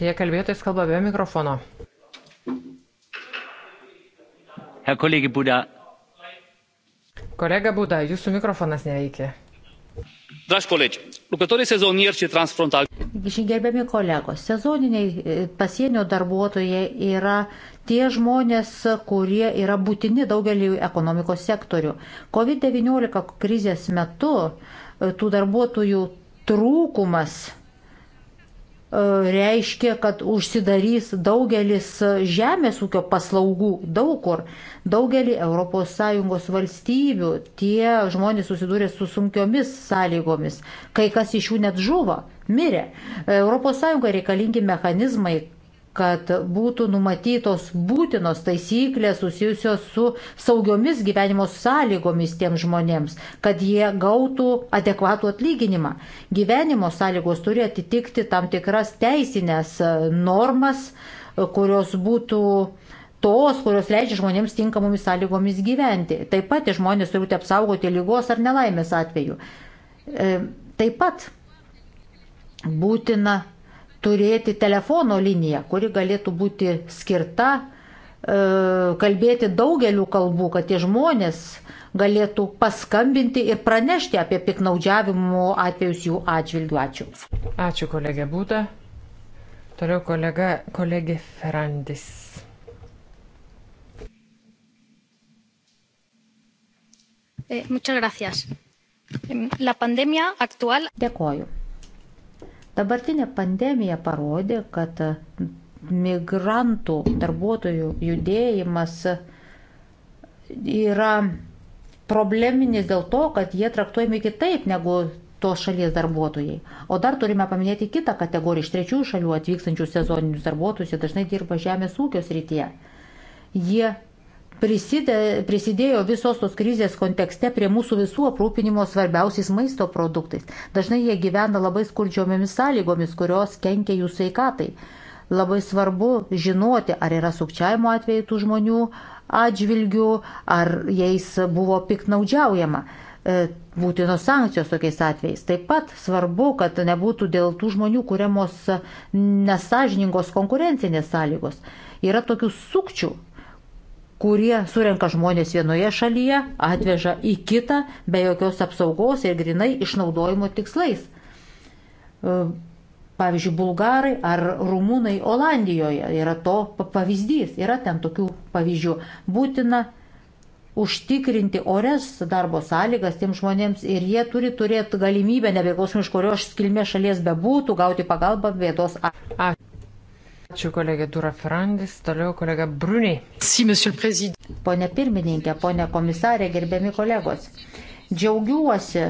Tie kalbėtojas kalba be mikrofono. Herr Kollege Buda. Kolega Buda, jūsų mikrofonas neveikia. Dragi colegi, lucrătorii sezonieri și transfrontalieri. Gerbiami kolegos, sezoniniai e, pasienio darbuotojai yra tie žmonės, kurie yra būtini daugelį ekonomikos sektorių. COVID-19 krizės metu e, tų darbuotojų trūkumas reiškia, kad užsidarys daugelis žemės ūkio paslaugų daug kur. Daugelį ES valstybių tie žmonės susidūrė su sunkiomis sąlygomis. Kai kas iš jų net žuvo, mirė. ES reikalingi mechanizmai, kad būtų numatytos būtinos taisyklės susijusios su saugiomis gyvenimo sąlygomis tiem žmonėms, kad jie gautų adekvatų atlyginimą. Gyvenimo sąlygos turi atitikti tam tikras teisinės normas, kurios būtų tos, kurios leidžia žmonėms tinkamomis sąlygomis gyventi. Taip pat žmonės turi būti apsaugoti lygos ar nelaimės atveju. E, taip pat būtina turėti telefono liniją, kuri galėtų būti skirta e, kalbėti daugeliu kalbų, kad tie žmonės galėtų paskambinti ir pranešti apie piknaudžiavimo atvejus jų atžvilgių. Ačiū. Ačiū kolegė Būda. Toliau kolega, kolegė Ferandis. Eh, muchas gracias. La pandemia actual. Dėkoju. Dabartinė pandemija parodė, kad migrantų darbuotojų judėjimas yra probleminis dėl to, kad jie traktuojami kitaip negu tos šalies darbuotojai. O dar turime paminėti kitą kategoriją iš trečiųjų šalių atvykstančių sezoninius darbuotojus, jie dažnai dirba žemės ūkio srityje. Jie prisidė, prisidėjo visos tos krizės kontekste prie mūsų visų aprūpinimo svarbiausiais maisto produktais. Dažnai jie gyvena labai skurdžiomis sąlygomis, kurios kenkia jų sveikatai. Labai svarbu žinoti, ar yra sukčiavimo atveju tų žmonių atžvilgių, ar jais buvo piknaudžiaujama. E, būtinos sankcijos tokiais atvejais. Taip pat svarbu, kad nebūtų dėl tų žmonių kuriamos nesažiningos konkurencinės sąlygos. Yra tokių sukčių, kurie surenka žmonės vienoje šalyje, atveža į kitą be jokios apsaugos ir grinai išnaudojimo tikslais. E, pavyzdžiui, bulgarai ar rumūnai Olandijoje yra to pavyzdys, yra ten tokių pavyzdžių. Būtina užtikrinti ores darbo sąlygas tiem žmonėms ir jie turi turėti galimybę, nepriklausomai iš kurios kilmės šalies bebūtų, gauti pagalbą vietos. Ačiū. Ačiū kolegė Dura Ferrandis, toliau kolega Bruni. Pone pirmininkė, pone komisarė, gerbiami kolegos. Džiaugiuosi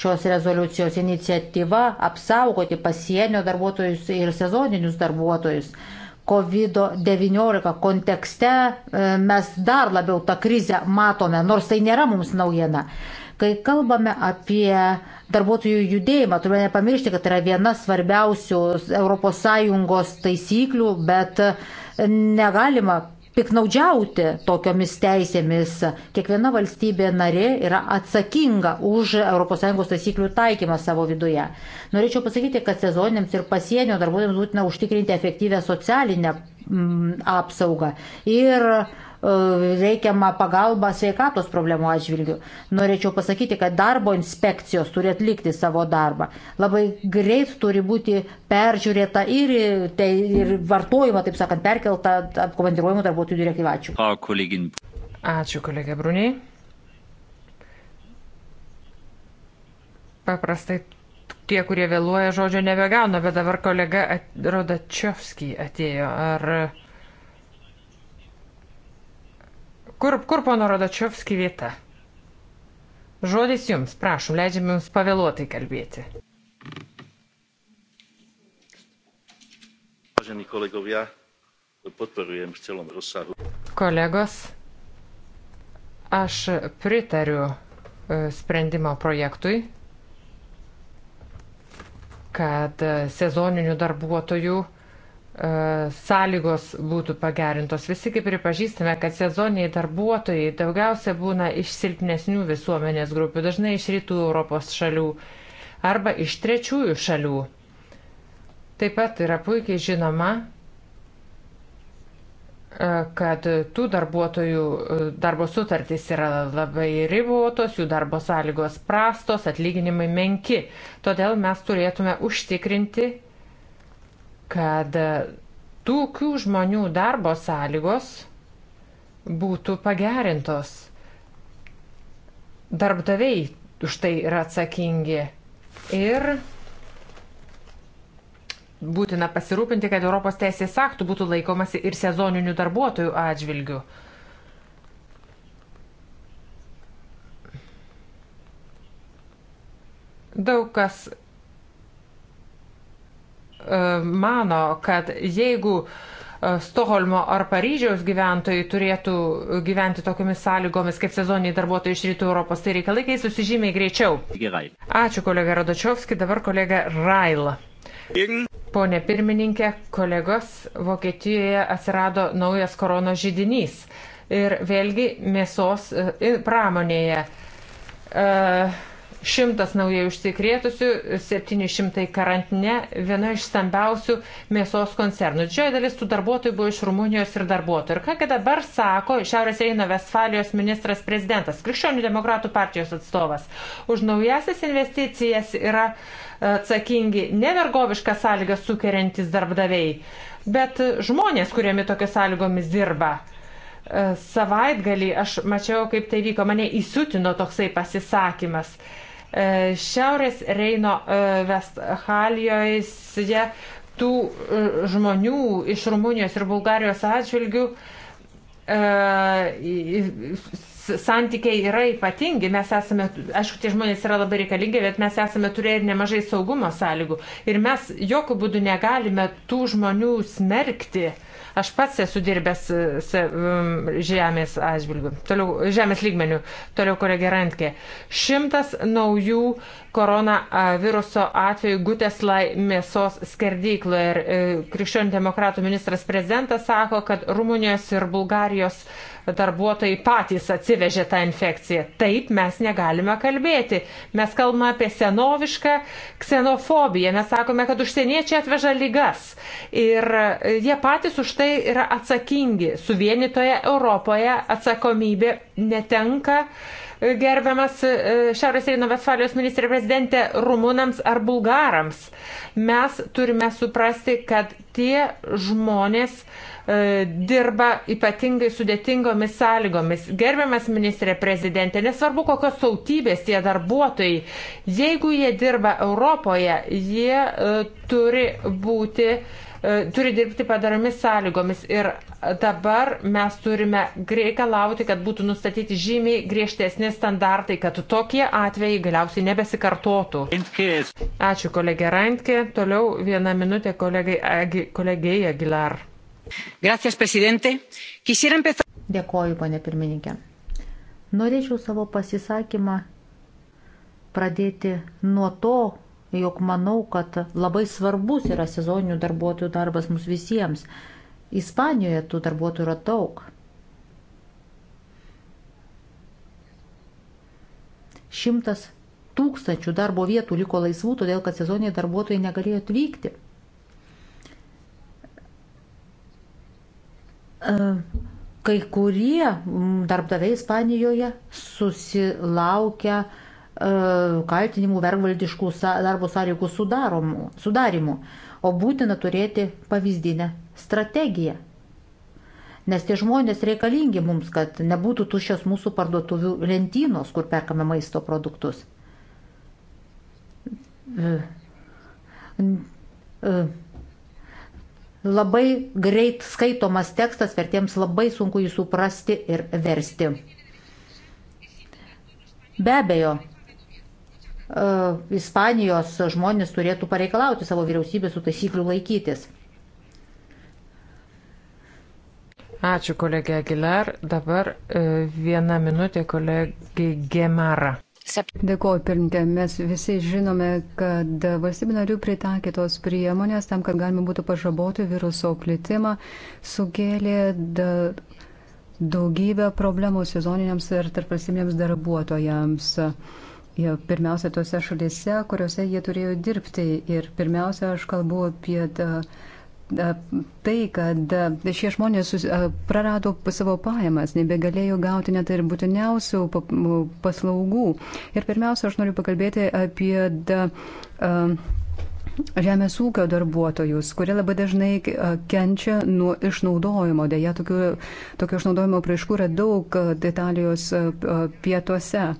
šios rezoliucijos iniciatyva apsaugoti pasienio darbuotojus ir sezoninius darbuotojus. COVID-19 kontekste e, mes dar labiau tą krizę matome, nors tai nėra mums naujiena. Kai kalbame apie darbuotojų judėjimą, turime nepamiršti, kad tai yra viena svarbiausių ES taisyklių, bet negalima piknaudžiauti tokiomis teisėmis. Kiekviena valstybė narė yra atsakinga už ES taisyklių taikymą savo viduje. Norėčiau pasakyti, kad sezoniniams ir pasienio darbuotojams būtina užtikrinti efektyvę socialinę Mm, apsaugą ir e, reikiamą pagalbą sveikatos problemų atžvilgių. Norėčiau pasakyti, kad darbo inspekcijos turi atlikti savo darbą. Labai greit turi būti peržiūrėta ir, tai, ir vartojimo, taip sakant, perkelta apkomandiruojimų darbuotojų direktyva. Ačiū. Ačiū, kolegė Bruniai. Paprastai tie, kurie vėluoja, žodžio nebegauna, bet dabar kolega at, Rodačiovskij atėjo. Ar... Kur, kur pono Rodačiovskij vieta? Žodis jums, prašom, leidžiam jums pavėluotai kalbėti. Kolegos, aš pritariu e, sprendimo projektui kad e, sezoninių darbuotojų e, sąlygos būtų pagerintos. Visi kaip pripažįstame, kad sezoniniai darbuotojai daugiausia būna iš silpnesnių visuomenės grupių, dažnai iš rytų Europos šalių arba iš trečiųjų šalių. Taip pat yra puikiai žinoma, kad tų darbuotojų e, darbo sutartys yra labai ribotos, jų darbo sąlygos prastos, atlyginimai menki. Todėl mes turėtume užtikrinti, kad tokių žmonių darbo sąlygos būtų pagerintos. Darbdaviai už tai yra atsakingi. Ir būtina pasirūpinti, kad Europos teisės aktų būtų laikomasi ir sezoninių darbuotojų atžvilgių. Daug kas e, mano, kad jeigu e, Stoholmo ar Paryžiaus gyventojai turėtų gyventi tokiamis sąlygomis kaip sezoniniai darbuotojai iš rytų Europos, tai reikalai keistųsi žymiai greičiau. Ačiū kolega Radočiovski, dabar kolega Raila. Pone pirmininkė, kolegos, Vokietijoje atsirado naujas korono žydinys. Ir vėlgi mėsos e, pramonėje. Uh, 100 naujai užsikrėtusių, 700 karantine, viena iš stambiausių mėsos koncernų. Didžioji dalis tų darbuotojų buvo iš Rumunijos ir darbuotojų. Ir ką dabar sako Šiaurės Reino Vestfalijos ministras prezidentas, Krikščionių demokratų partijos atstovas, už naujasis investicijas yra e, atsakingi nevergovišką sąlygą sukeriantis darbdaviai, bet žmonės, kuriami tokias sąlygomis dirba e, savaitgalį aš mačiau, kaip tai vyko, mane įsutino toksai pasisakymas. E, Šiaurės Reino e, Vesthalijoje tų e, žmonių iš Rumunijos ir Bulgarijos atžvilgių santykiai yra ypatingi, mes esame, aišku, tie žmonės yra labai reikalingi, bet mes esame turėję ir nemažai saugumo sąlygų. Ir mes jokių būdų negalime tų žmonių smerkti uh, Aš pats esu dirbęs e, žemės atžvilgių, toliau žemės lygmenių, toliau kolegė Rantke. Šimtas naujų koronaviruso atvejų Guteslai mėsos skerdykloje ir e, krikščionių demokratų ministras prezidentas sako, kad Rumunijos ir Bulgarijos uh, darbuotojai patys atsivežė tą infekciją. Taip mes negalime kalbėti. Mes kalbame apie senovišką ksenofobiją. Mes sakome, kad užsieniečiai atveža lygas. Ir jie patys už tai yra atsakingi. Suvienitoje Europoje atsakomybė netenka gerbiamas e, Šiaurės Reino Vestfalijos ministrė prezidentė rumunams ar bulgarams. Mes turime suprasti, kad tie žmonės uh, E, dirba ypatingai sudėtingomis sąlygomis. Gerbiamas ministrė prezidentė, nesvarbu kokios tautybės tie darbuotojai, jeigu jie dirba Europoje, jie e, turi būti e, turi dirbti padaromis sąlygomis ir dabar mes turime reikalauti, kad būtų nustatyti žymiai griežtesni standartai, kad tokie atvejai galiausiai nebesikartotų. Ačiū kolegė Rankė, toliau vieną minutę kolegai, kolegijai Agilar. Gracias, prezidente. Quisiera empezar. Dėkoju, ponė pirmininkė. Norėčiau savo pasisakymą pradėti nuo to, jog manau, kad labai svarbus yra sezoninių darbuotojų darbas mums visiems. Ispanijoje tų darbuotojų yra daug. Šimtas tūkstančių darbo vietų liko laisvų, todėl kad sezoniniai darbuotojai negalėjo atvykti. E, kai kurie darbdaviai Ispanijoje susilaukia e, kaltinimų vergvaldiškų darbo sąlygų sudarimų, o būtina turėti pavyzdinę strategiją. Nes tie žmonės reikalingi mums, kad nebūtų tuščios mūsų parduotuvių lentynos, kur perkame maisto produktus. E, labai greit skaitomas tekstas, vertiems labai sunku jį suprasti ir versti. Be abejo, e, Ispanijos žmonės turėtų pareikalauti savo vyriausybės su taisyklių laikytis. Ačiū kolegė Aguilar. Dabar e, viena minutė kolegė Gemara. Dėkuoju, pirmininkė. Mes visi žinome, kad valstybių narių pritaikytos priemonės tam, kad galima būtų pažaboti viruso plitimą, sukėlė da, daugybę problemų sezoniniams ir tarpvalstybiniams darbuotojams. Ja, pirmiausia, tose šalise, kuriuose jie turėjo dirbti. Ir pirmiausia, aš kalbu apie da, E, tai, kad e, šie žmonės e, prarado savo pajamas, nebegalėjo gauti net ir būtiniausių paslaugų. Ir pirmiausia, aš noriu pakalbėti apie da, žemės ūkio darbuotojus, kurie labai dažnai kenčia nuo išnaudojimo. Deja, tokio, tokio išnaudojimo praiškų yra daug Italijos pietuose.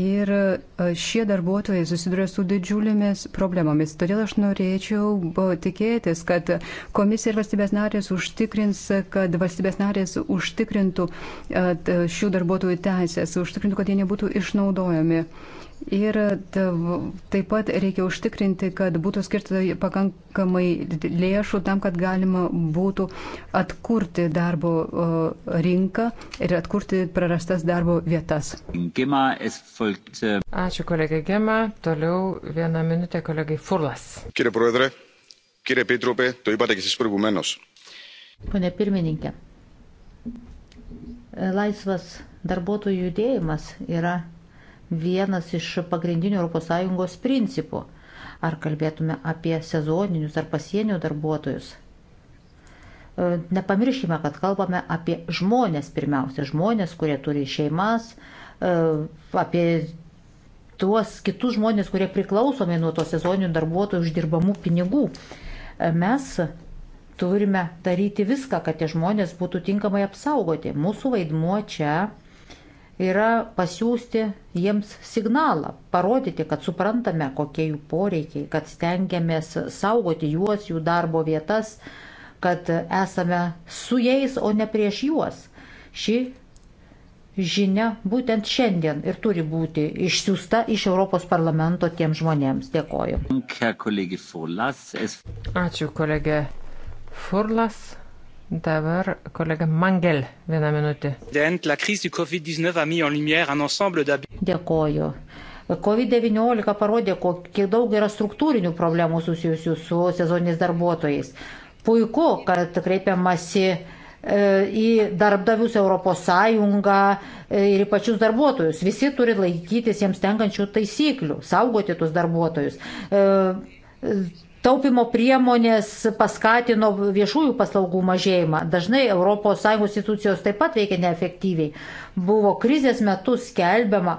Ir e, šie darbuotojai susiduria su didžiulėmis problemomis. Todėl aš norėčiau tikėtis, kad komisija ir valstybės narės užtikrins, kad valstybės narės užtikrintų e, šių darbuotojų teisės, užtikrintų, kad jie nebūtų išnaudojami. Uh, Ir taip pat reikia užtikrinti, kad būtų skirta pakankamai lėšų tam, kad galima būtų atkurti darbo rinką ir atkurti prarastas darbo vietas. Äh, Ačiū kolegė Gema. Toliau vieną minutę kolegai Furlas. Kyrie Prodre, kyrie Pitrupė, to įpatė, kad jis prigumenos. Pone pirmininkė, laisvas darbuotojų judėjimas yra vienas iš pagrindinių ES principų, ar kalbėtume apie sezoninius ar pasienio darbuotojus. E, nepamirškime, kad kalbame apie žmonės pirmiausia, žmonės, kurie turi šeimas, e, apie tuos kitus žmonės, kurie priklausomi nuo to sezoninių darbuotojų uždirbamų pinigų. E, mes turime daryti viską, kad tie žmonės būtų tinkamai apsaugoti. Mūsų vaidmuo čia yra pasiūsti jiems signalą, parodyti, kad suprantame, kokie jų poreikiai, kad stengiamės saugoti juos, jų darbo vietas, kad esame su jais, o ne prieš juos. Ši žinia būtent šiandien ir turi būti išsiųsta iš Europos parlamento tiem žmonėms. Dėkoju. Ačiū kolegė Furlas. Dabar kolega Mangel, vieną minutę. Dėkoju. COVID-19 parodė, kiek daug yra struktūrinių problemų susijusių su sezoniniais darbuotojais. Puiku, kad kreipiamasi e, į darbdavius ES e, ir į pačius darbuotojus. Visi turi laikytis jiems tenkančių taisyklių, saugoti tuos darbuotojus e, Taupimo priemonės paskatino viešųjų paslaugų mažėjimą. Dažnai ES institucijos taip pat veikia neefektyviai. Buvo krizės metu skelbiama,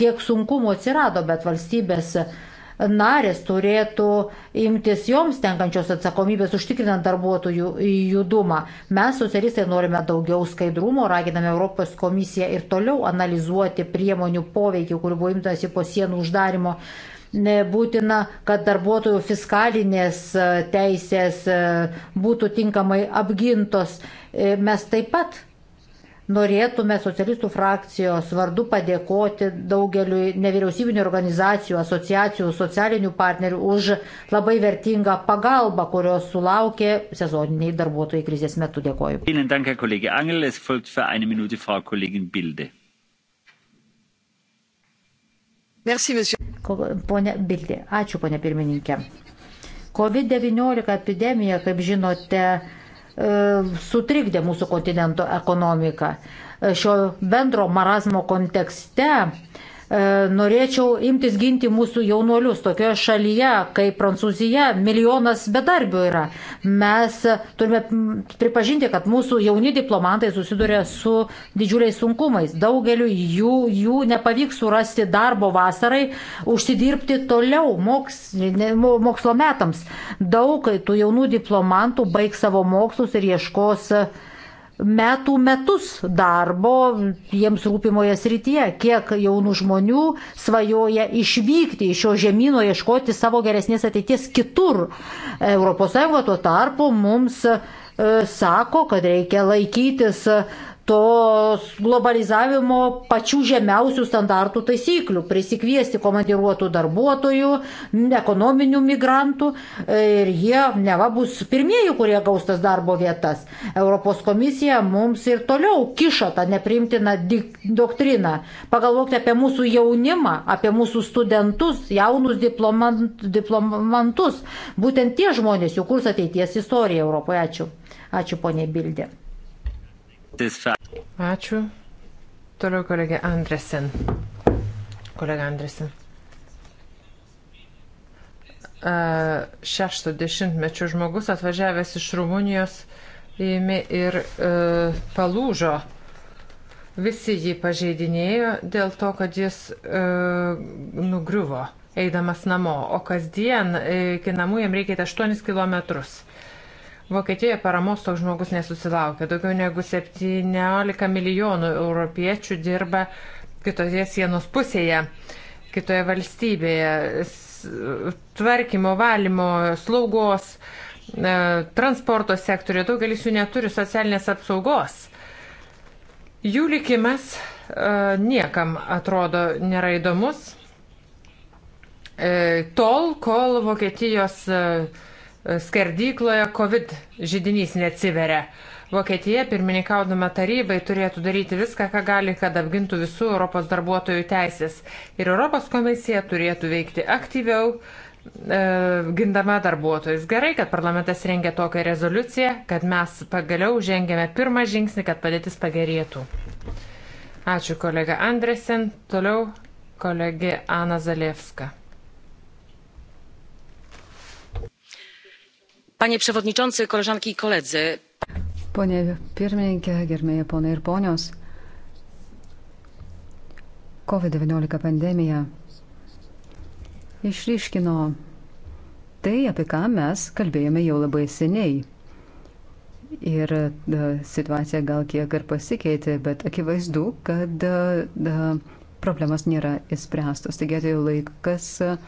kiek sunkumų atsirado, bet valstybės narės turėtų imtis joms tenkančios atsakomybės užtikrinant darbuotojų judumą. Mes, socialistai, norime daugiau skaidrumo, raginame Europos komisiją ir toliau analizuoti priemonių poveikį, kurių buvo imtasi po sienų uždarimo Būtina, kad darbuotojų fiskalinės e, teisės e, būtų tinkamai apgintos. E, mes taip pat norėtume socialistų frakcijos vardu padėkoti daugeliu nevyriausybinio organizacijų, asociacijų, socialinių partnerių už labai vertingą pagalbą, kurios sulaukė sezoniniai darbuotojai krizės metu. Dėkoju. Merci, monsieur. Pone Bildė, ačiū, pone pirmininkė. COVID-19 epidemija, kaip žinote, e, sutrikdė mūsų kontinento ekonomiką. E, šio bendro marazmo kontekste E, norėčiau imtis ginti mūsų jaunuolius tokioje šalyje, kaip Prancūzija, milijonas bedarbių yra. Mes turime pripažinti, kad mūsų jauni diplomatai susiduria su didžiuliais sunkumais. Daugeliu jų, jų nepavyks surasti darbo vasarai, užsidirbti toliau moks, mokslo metams. Daug tų jaunų diplomantų baigs savo mokslus ir ieškos uh, metų metus darbo jiems rūpimoje srityje, kiek jaunų žmonių svajoja išvykti iš šio žemynų, ieškoti savo geresnės ateities kitur. ES tuo tarpu mums e, sako, kad reikia laikytis e, tos globalizavimo pačių žemiausių standartų taisyklių, prisikviesti komandiruotų darbuotojų, ekonominių migrantų e, ir jie neva bus pirmieji, kurie gaus tas darbo vietas. Europos komisija mums ir toliau kiša tą neprimtiną doktriną. Pagalvokite apie mūsų jaunimą, apie mūsų studentus, jaunus diplomant, diplomantus. Būtent tie žmonės jų kurs ateities istorija Europoje. Ačiū. Ačiū ponė Bildė. Ačiū. Toliau kolegė Andresen. Kolega Andresen. Šešto dešimtmečio žmogus atvažiavęs iš Rumunijos įmi ir e, palūžo. Visi jį pažeidinėjo dėl to, kad jis e, nugriuvo eidamas namo, o kasdien e, iki namų jam reikia 8 kilometrus. Vokietijoje paramos toks žmogus nesusilaukia. Daugiau negu 17 milijonų europiečių dirba kitoje sienos pusėje, kitoje valstybėje. Tvarkymo, valymo, slaugos, e, transporto sektoriuje daugelis jų neturi socialinės apsaugos. Jų likimas e, niekam atrodo nėra įdomus. E, tol, kol Vokietijos uh, skerdykloje COVID žydinys neatsiveria. Vokietija, pirmininkaudama tarybai, turėtų daryti viską, ką gali, kad apgintų visų Europos darbuotojų teisės. Ir Europos komisija turėtų veikti aktyviau, e, gindama darbuotojus. Gerai, kad parlamentas rengia tokią rezoliuciją, kad mes pagaliau žengėme pirmą žingsnį, kad padėtis pagerėtų. Ačiū kolega Andresen, toliau kolegė Ana Zalievska. Panie przewodniczący, koleżanki i koledzy. Pone pirmininkė, gerbėjai ponai ir ponios. COVID-19 pandemija išryškino tai, apie ką mes kalbėjome jau labai seniai. Ir da, e, situacija gal kiek ir pasikeitė, bet akivaizdu, kad da, e, da, problemas nėra įspręstos. Taigi atėjo laikas e,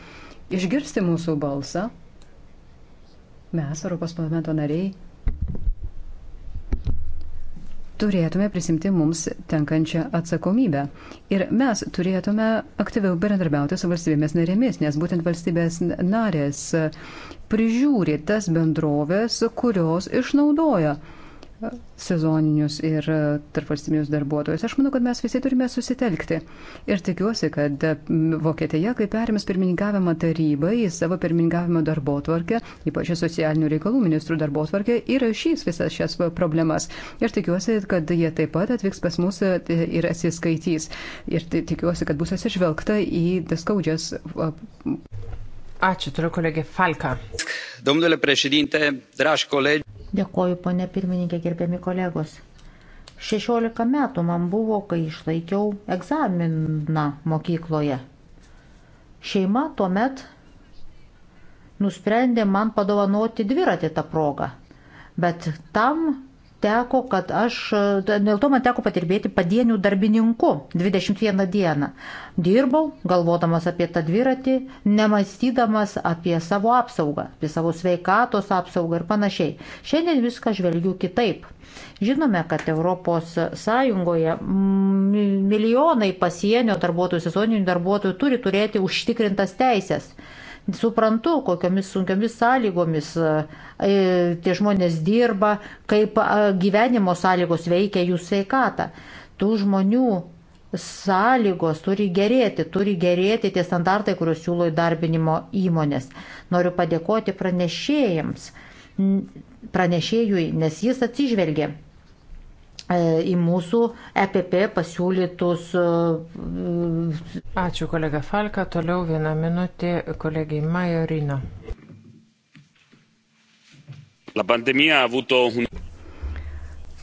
išgirsti mūsų balsą mes, Europos parlamento nariai, turėtume prisimti mums tenkančią atsakomybę. Ir mes turėtume aktyviau bendradarbiauti su valstybėmis narėmis, nes būtent valstybės narės prižiūri tas bendrovės, kurios išnaudoja sezoninius ir tarpvalstybinius darbuotojus. Aš manau, kad mes visi turime susitelkti. Ir tikiuosi, kad Vokietija, kai perims pirmininkavimą tarybai į savo pirmininkavimo darbo tvarkę, ypač socialinių reikalų ministrų darbo tvarkę, įrašys visas šias problemas. Ir tikiuosi, kad jie taip pat atvyks pas mus e, ir atsiskaitys. Ir tikiuosi, kad bus atsižvelgta į skaudžias. Ačiū, turiu kolegė Falka. Domnule președinte, dragi colegi. Dėkoju, ponė pirmininkė, gerbiami kolegos. 16 metų man buvo, kai išlaikiau egzaminą mokykloje. Šeima tuo met nusprendė man padovanoti dviratį tą progą. Bet tam teko, kad aš, e, dėl to man teko patirbėti padienių darbininku 21 dieną. Dirbau, galvodamas apie tą dviratį, nemastydamas apie savo apsaugą, apie savo sveikatos apsaugą ir panašiai. Šiandien viską žvelgiu kitaip. Žinome, kad ES milijonai pasienio darbuotojų, sezoninių darbuotojų turi turėti užtikrintas teisės Suprantu, kokiomis sunkiomis sąlygomis e, e, tie žmonės dirba, kaip e, gyvenimo sąlygos veikia jų sveikatą. Tų žmonių sąlygos turi gerėti, turi gerėti tie standartai, kuriuos siūlo įdarbinimo įmonės. Noriu padėkoti pranešėjams, pranešėjui, nes jis atsižvelgia E, į mūsų EPP pasiūlytus. E, Ačiū kolega Falka, toliau vieną minutę kolegijai Majorino.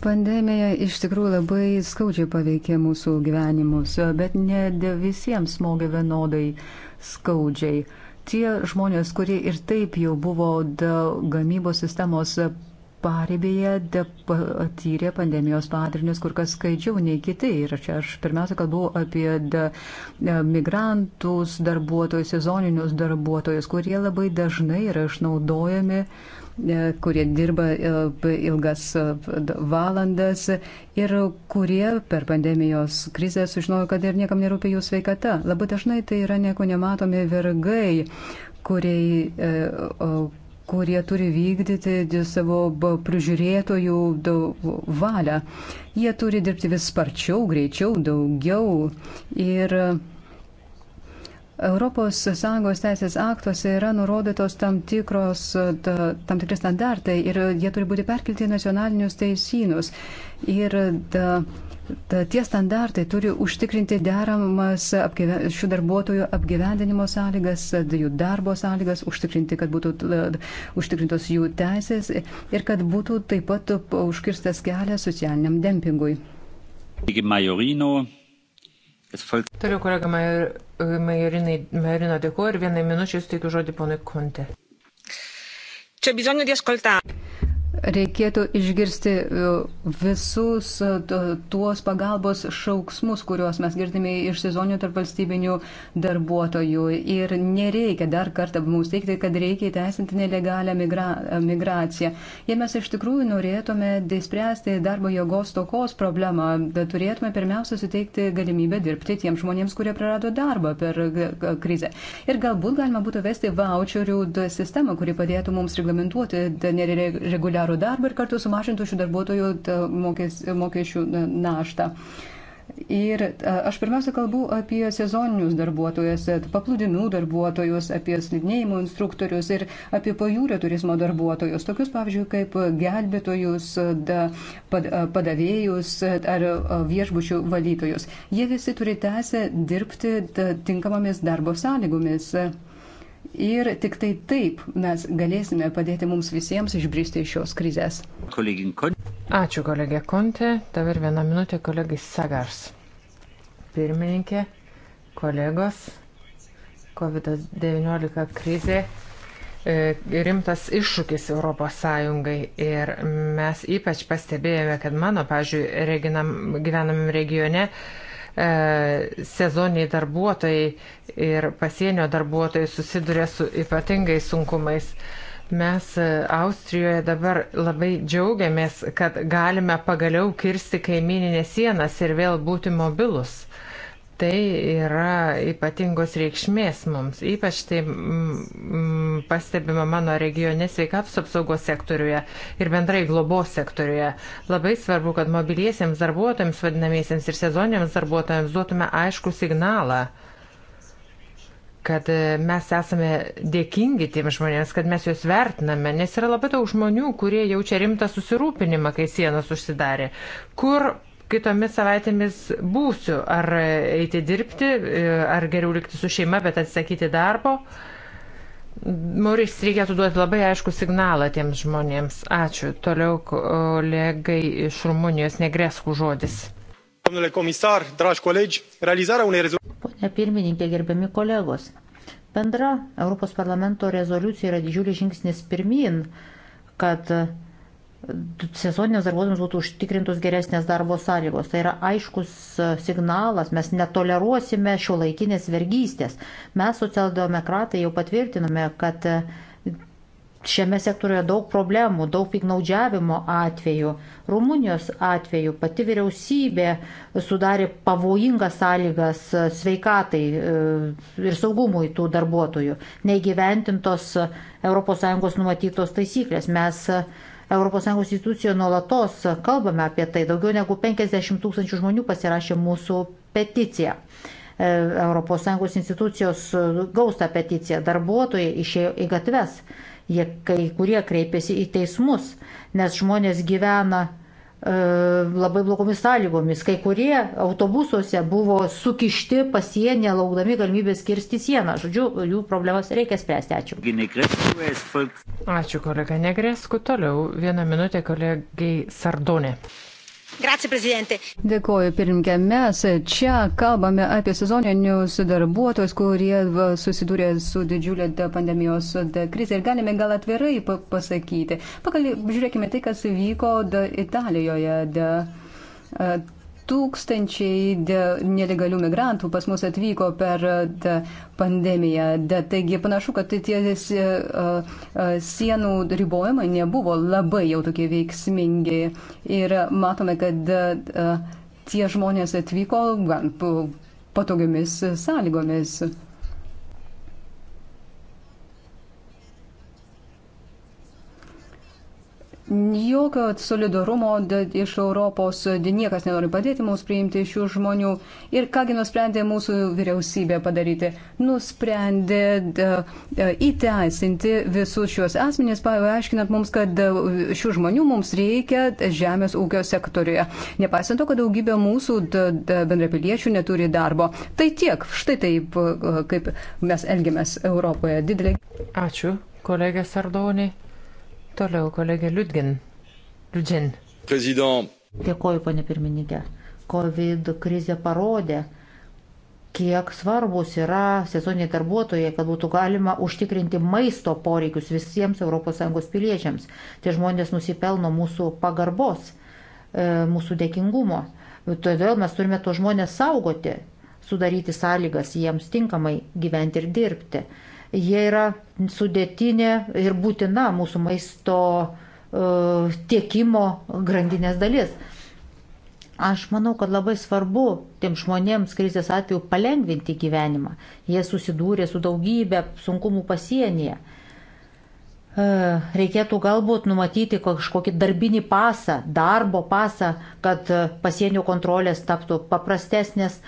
Pandemija iš tikrųjų labai skaudžiai paveikė mūsų gyvenimus, bet ne visiems smogė vienodai skaudžiai. Tie žmonės, kurie ir taip jau buvo gamybos sistemos Paribėje patyrė pandemijos padarinius kur kas skaidžiau nei kiti. Ir čia aš pirmiausia kalbu apie de, de, migrantus, darbuotojus, sezoninius darbuotojus, kurie labai dažnai yra išnaudojami e, kurie dirba e, ilgas e, valandas ir kurie per pandemijos krizę sužinojo, kad ir niekam nerūpia jų sveikata. Labai dažnai tai yra nieko nematomi vergai, kuriai, kurie turi vykdyti savo prižiūrėtojų valią. Jie turi dirbti vis sparčiau, greičiau, daugiau. Ir ES teisės aktuose yra nurodytos tam, tikros, tam tikri standartai ir jie turi būti perkelti į nacionalinius teisynus. Ir da, ta, tie standartai turi užtikrinti deramas apgyve, šių darbuotojų apgyvendinimo sąlygas, jų darbo sąlygas, užtikrinti, kad būtų užtikrintos jų teisės ir kad būtų taip pat užkirstas kelias socialiniam dempingui. Toliau kolega Majorino dėkuoju ir vienai minučiai suteikiu žodį ponui Konte. Čia bisogno di ascoltare. Reikėtų išgirsti e, visus e, tuos pagalbos šauksmus, kuriuos mes girdime iš sezoninių tarp valstybinių darbuotojų. Ir nereikia dar kartą mums teikti, kad reikia įteisinti nelegalią migra migraciją. Jei mes iš tikrųjų norėtume dispręsti darbo jėgos tokos problemą, turėtume pirmiausia suteikti galimybę dirbti tiems žmonėms, kurie prarado darbą per krizę. Ir galbūt galima būtų vesti voucherių sistemą, kuri padėtų mums reglamentuoti nereguliarų gerų darbą ir kartu sumažintų šių darbuotojų e, mokės, e, mokesčių e, naštą. Ir aš pirmiausia kalbu apie sezoninius darbuotojus, paplūdimių darbuotojus, apie slidinėjimo instruktorius ir apie pajūrio turizmo darbuotojus, tokius pavyzdžiui kaip gelbėtojus, da, padavėjus ar viešbučių valytojus. Jie visi turi teisę dirbti tinkamomis darbo sąlygomis. Ir tik tai taip mes galėsime padėti mums visiems išbristi iš šios krizės. Ačiū kolegė Kontė. Dabar vieną minutę kolegai Sagars. Pirmininkė, kolegos, COVID-19 krizė e, rimtas iššūkis ES ir mes ypač pastebėjome, kad mano, pažiūrėjau, gyvenamam regione E, sezoniniai darbuotojai ir pasienio darbuotojai susiduria su ypatingais sunkumais. Mes e, Austrijoje dabar labai džiaugiamės, kad galime pagaliau kirsti kaimininę sienas ir vėl būti mobilus tai yra ypatingos reikšmės mums. Ypač tai mm, pastebima mano regione sveikatos apsaugos sektoriuje ir bendrai globos sektoriuje. Labai svarbu, kad mobiliesiems darbuotojams, vadinamiesiems ir sezoniniams darbuotojams duotume aišku signalą kad e, mes esame dėkingi tiem žmonėms, kad mes juos vertiname, nes yra labai daug žmonių, kurie jaučia rimtą susirūpinimą, kai sienos užsidarė. Kur kitomis savaitėmis būsiu, ar eiti dirbti, ar geriau likti su šeima, bet atsisakyti darbo. Mauriš reikėtų duoti labai aišku signalą tiems žmonėms. Ačiū. Toliau kolegai iš Rumunijos negreskų žodis. Pone pirmininkė, gerbiami kolegos. Bendra Europos parlamento rezoliucija yra didžiulis žingsnis pirmin, kad sezoniniams darbuotojams būtų užtikrintos geresnės darbo sąlygos. Tai yra aiškus e, signalas, mes netoleruosime šio laikinės vergystės. Mes socialdemokratai jau patvirtinome, kad e, šiame sektoriuje daug problemų, daug piknaudžiavimo atvejų. Rumunijos atveju pati vyriausybė sudarė pavojingas sąlygas e, sveikatai ir saugumui tų darbuotojų, neįgyventintos ES numatytos taisyklės. Mes ES institucijų nuolatos kalbame apie tai. Daugiau negu 50 tūkstančių žmonių pasirašė mūsų peticiją. ES institucijos gaus tą peticiją, darbuotojai išėjo į gatves, jie kai kurie kreipėsi į teismus, nes žmonės gyvena E, labai blogomis sąlygomis. Kai kurie autobusuose buvo sukišti pasienė, laukdami galimybės kirsti sieną. Žodžiu, jų problemas reikia spręsti. Ačiū. Ačiū kolega Negresku. Toliau vieną minutę kolegai Sardonė. Dėkuoju, pirmininkė. Mes čia kalbame apie sezoninius darbuotojus, kurie susidūrė su didžiulė pandemijos krize ir galime gal atvirai pasakyti. Pagal, žiūrėkime tai, kas vyko Italijoje. De, tūkstančiai nelegalių migrantų pas mus atvyko per e, pandemiją. De, taigi panašu, kad tie e, e, sienų ribojimai nebuvo labai jau tokie veiksmingi. Ir matome, kad tie žmonės atvyko gan patogiomis sąlygomis. Jokio solidarumo iš Europos niekas nenori padėti mums priimti šių žmonių. Ir kągi nusprendė mūsų vyriausybė padaryti? Nusprendė e, įteisinti visus šios asmenys, paaiškinant mums, kad e, šių žmonių mums reikia e, žemės ūkio sektoriuje. Nepaisant to, kad daugybė mūsų bendrapiliečių neturi darbo. Tai tiek, štai taip, kaip mes elgiamės Europoje. Didelė. Ačiū, kolegė Sardonė. Toliau kolegė Liudgen. Liudgen. Prezident. Dėkoju, ponė pirmininkė. COVID krizė parodė, kiek svarbus yra sezoniniai darbuotojai, kad būtų galima užtikrinti maisto poreikius visiems ES piliečiams. Tie žmonės nusipelno mūsų pagarbos, e, mūsų dėkingumo. Todėl mes turime tuos žmonės saugoti, sudaryti sąlygas jiems tinkamai gyventi ir dirbti. Jie yra sudėtinė ir būtina mūsų maisto uh, tiekimo grandinės dalis. Aš manau, kad labai svarbu tiem žmonėms krizės atveju palengvinti gyvenimą. Jie susidūrė su daugybė sunkumų pasienyje. E, reikėtų galbūt numatyti kažkokį darbinį pasą, darbo pasą, kad pasienio kontrolės taptų paprastesnės,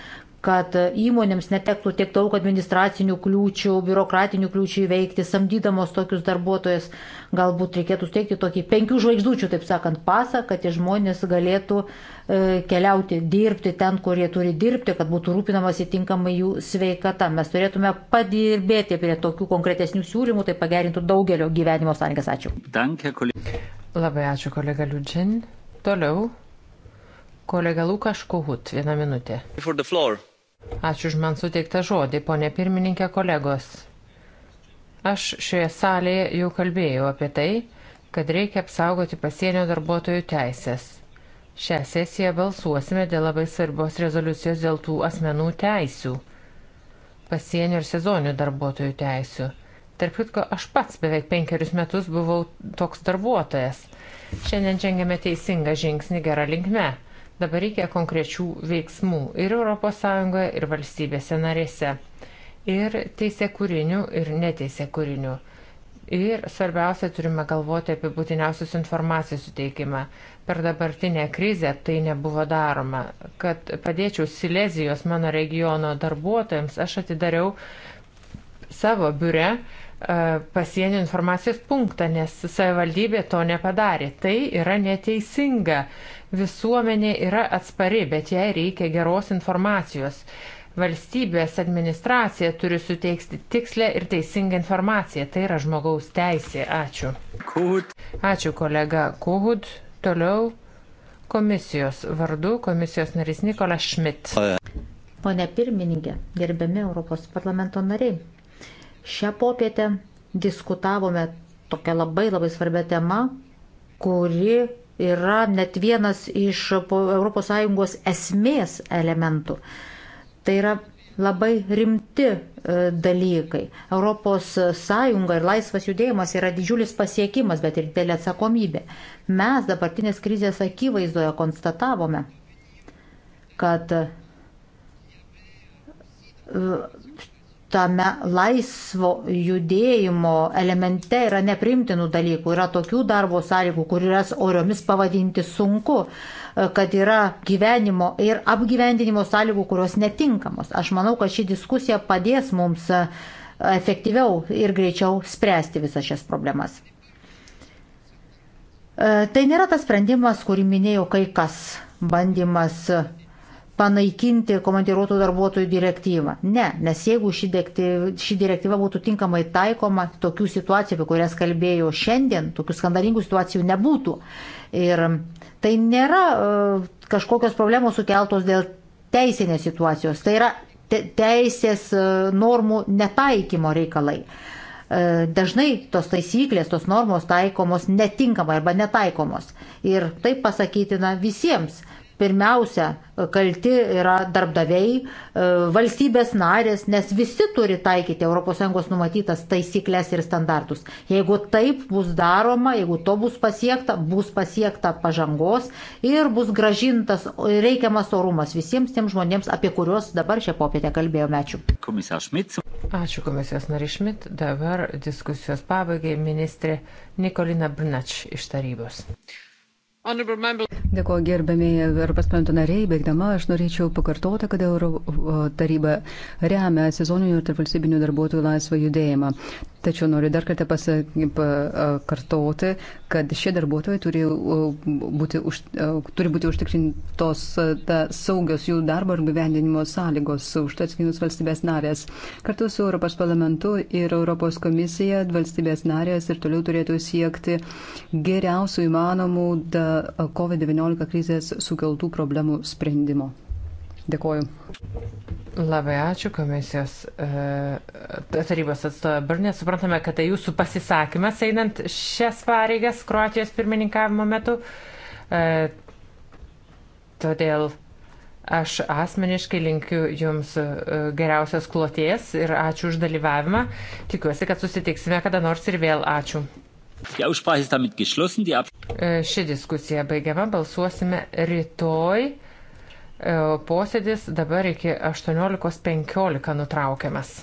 kad įmonėms netektų tiek daug administracinių kliūčių, biurokratinių kliūčių įveikti, samdydamos tokius darbuotojus. Galbūt reikėtų steigti tokį penkių žvaigždučių, taip sakant, pasą, kad tie žmonės galėtų e, keliauti, dirbti ten, kur jie turi dirbti, kad būtų rūpinamas įtinkamai jų sveikata. Mes turėtume padirbėti prie tokių konkretesnių siūlymų, tai pagerintų daugelio gyvenimo sąlygas. Ačiū. Danke, Labai ačiū, kolega Liudžin. Toliau. Kolega Lukas Kohut, vieną minutę. Ačiū už man suteiktą žodį, ponė pirmininkė kolegos. Aš šioje salėje jau kalbėjau apie tai, kad reikia apsaugoti pasienio darbuotojų teisės. Šią sesiją balsuosime dėl labai svarbios rezoliucijos dėl tų asmenų teisių - pasienio ir sezoninių darbuotojų teisių. Tarp kitko, aš pats beveik penkerius metus buvau toks darbuotojas. Šiandien žengėme teisingą žingsnį gerą linkmę Dabar reikia konkrečių veiksmų ir ES, ir valstybėse narėse, ir teisėkūrinių, ir neteisėkūrinių. Ir svarbiausia, turime galvoti apie būtiniausius informacijos suteikimą. Per dabartinę krizę tai nebuvo daroma. Kad padėčiau Silezijos mano regiono darbuotojams, aš atidariau savo biure E, pasienio informacijos punktą, nes savivaldybė to nepadarė. Tai yra neteisinga. Visuomenė yra atspari, bet jai reikia geros informacijos. Valstybės administracija turi suteikti tikslę ir teisingą informaciją. Tai yra žmogaus teisė. Ačiū. Kuhut. Ačiū kolega Kuhut. Toliau komisijos vardu komisijos narys Nikolas Šmit. Pone pirmininkė, gerbiami Europos parlamento nariai, Šią popietę diskutavome tokią labai labai svarbią temą, kuri yra net vienas iš ES esmės elementų. Tai yra labai rimti e, dalykai. ES ir laisvas judėjimas yra didžiulis pasiekimas, bet ir didelė atsakomybė. Mes dabartinės krizės akivaizdoje konstatavome, kad e, tame laisvo judėjimo elemente yra neprimtinų dalykų. Yra tokių darbo sąlygų, kurias oriomis pavadinti sunku, e, kad yra gyvenimo ir apgyvendinimo sąlygų, kurios netinkamos. Aš manau, kad ši diskusija padės mums e, efektyviau ir greičiau spręsti visas šias problemas. E, tai nėra tas sprendimas, kurį minėjo kai kas, bandymas panaikinti komandiruotų darbuotojų direktyvą. Ne, nes jeigu ši direktyva, ši direktyva būtų tinkamai taikoma, tokių situacijų, apie kurias kalbėjau šiandien, tokių skandalingų situacijų nebūtų. Ir tai nėra uh, kažkokios problemos sukeltos dėl teisinės situacijos, tai yra te teisės uh, normų netaikymo reikalai. Uh, dažnai tos taisyklės, tos normos taikomos netinkamai arba netaikomos. Ir tai pasakytina visiems Pirmiausia, kalti yra darbdaviai, e, valstybės narės, nes visi turi taikyti ES numatytas taisyklės ir standartus. Jeigu taip bus daroma, jeigu to bus pasiekta, bus pasiekta pažangos ir bus gražintas reikiamas orumas visiems tiem žmonėms, apie kuriuos dabar šią popietę kalbėjome. Ačiū. Ačiū komisijos nariai Šmit. Dabar diskusijos pabaigai ministrė Nikolina Brnač iš tarybos. Dėkuoju gerbėmiai Europos parlamento nariai, baigdama aš norėčiau pakartoti, kad Euro taryba remia sezoninių ir tarpvalstybinių darbuotojų laisvą judėjimą. Tačiau noriu dar kartą pakartoti, kad šie darbuotojai turi būti, už, turi būti užtikrintos ta, saugios jų darbo ir gyvendinimo sąlygos už tai atsakingus valstybės narės. Kartu su Europos parlamentu ir Europos komisija valstybės narės ir toliau turėtų siekti geriausių įmanomų da, COVID-19 krizės sukeltų problemų sprendimo. Dėkoju. Labai ačiū komisijos e, tarybos atstovė Barnė. Suprantame, kad tai jūsų pasisakymas einant šias pareigas Kroatijos pirmininkavimo metu. E, todėl Aš asmeniškai linkiu Jums e, geriausios kloties ir ačiū už dalyvavimą. Tikiuosi, kad susitiksime kada nors ir vėl ačiū. E, ši diskusija baigiama, balsuosime rytoj. E, posėdis dabar iki 18.15 nutraukiamas.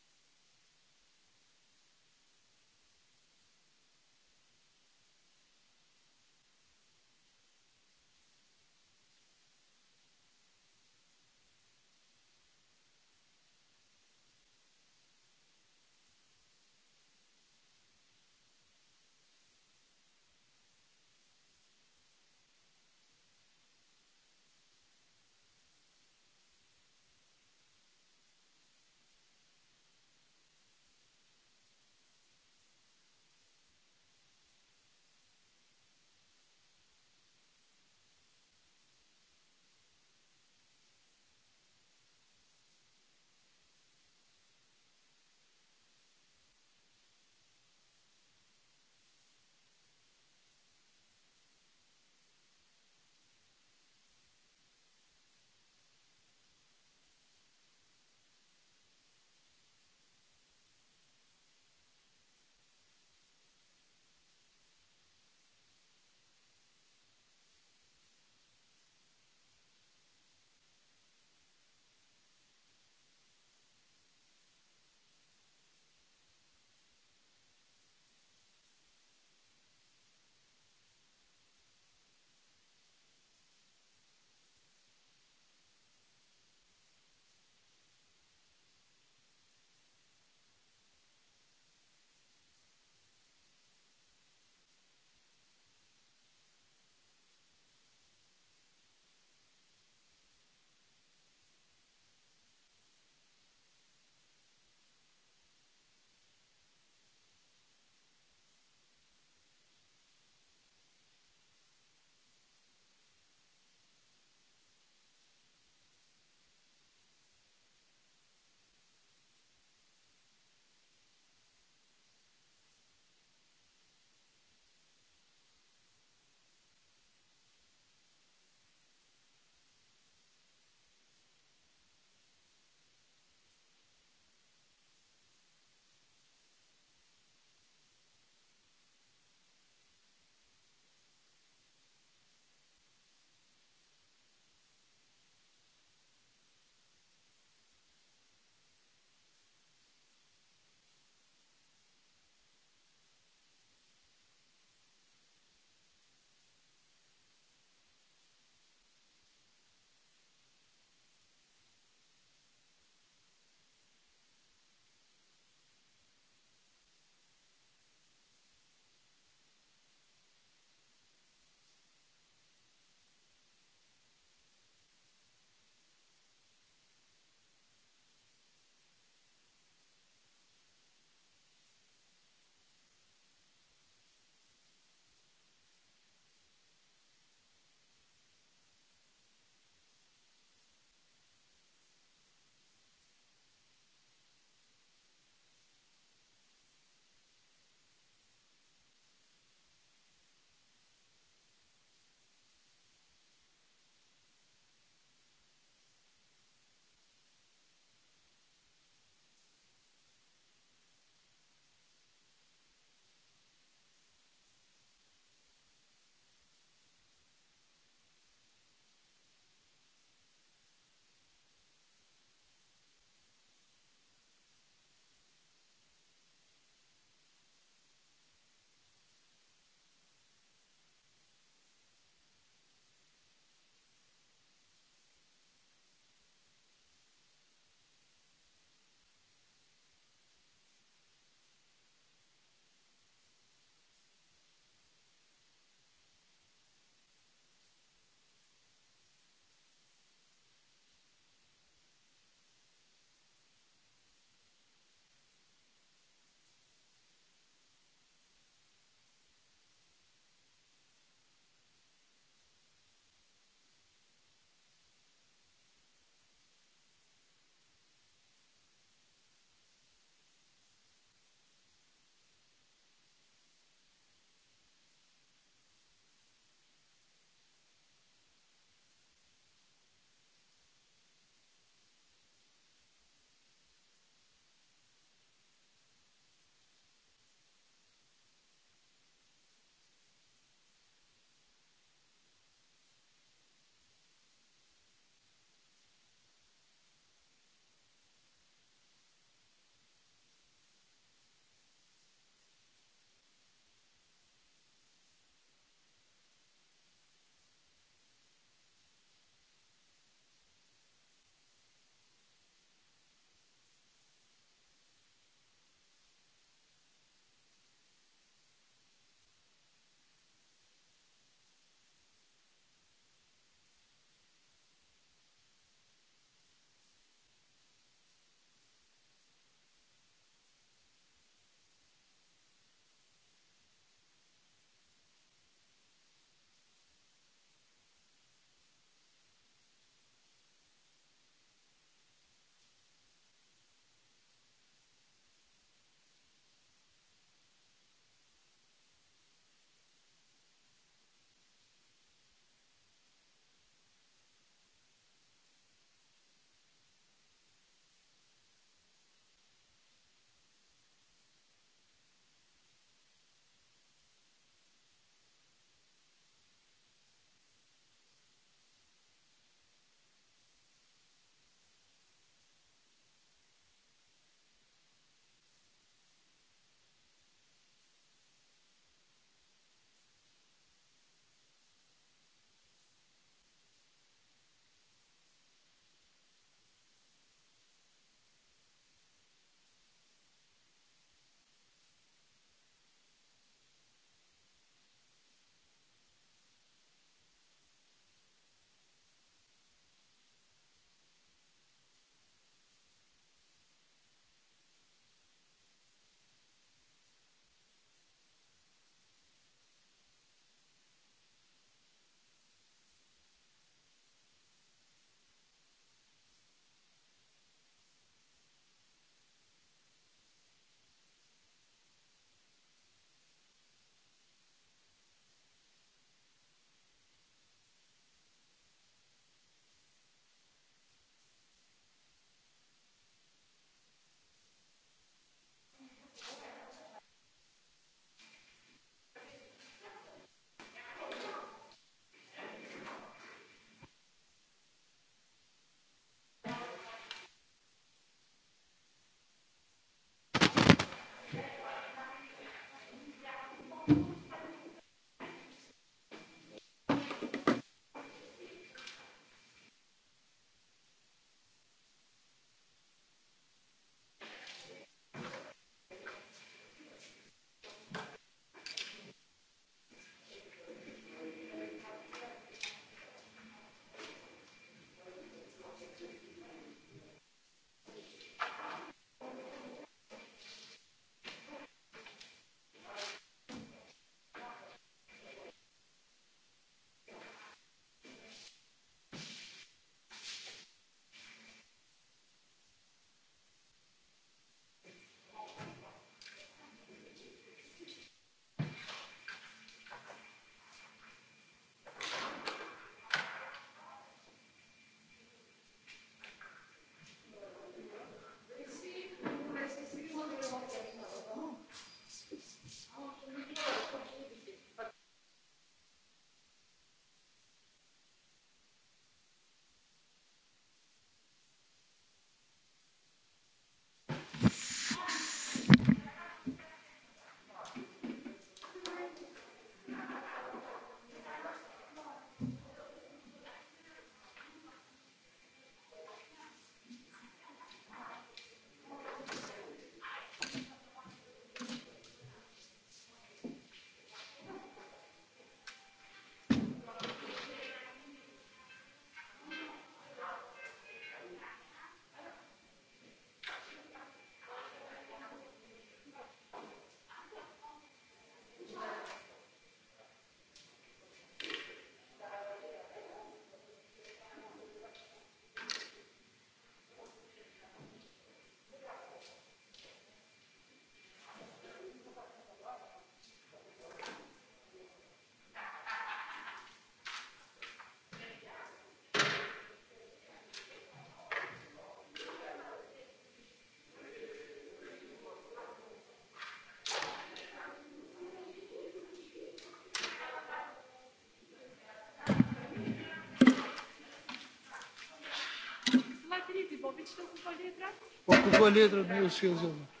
Ocupa a letra. Ocupa a letra 1111.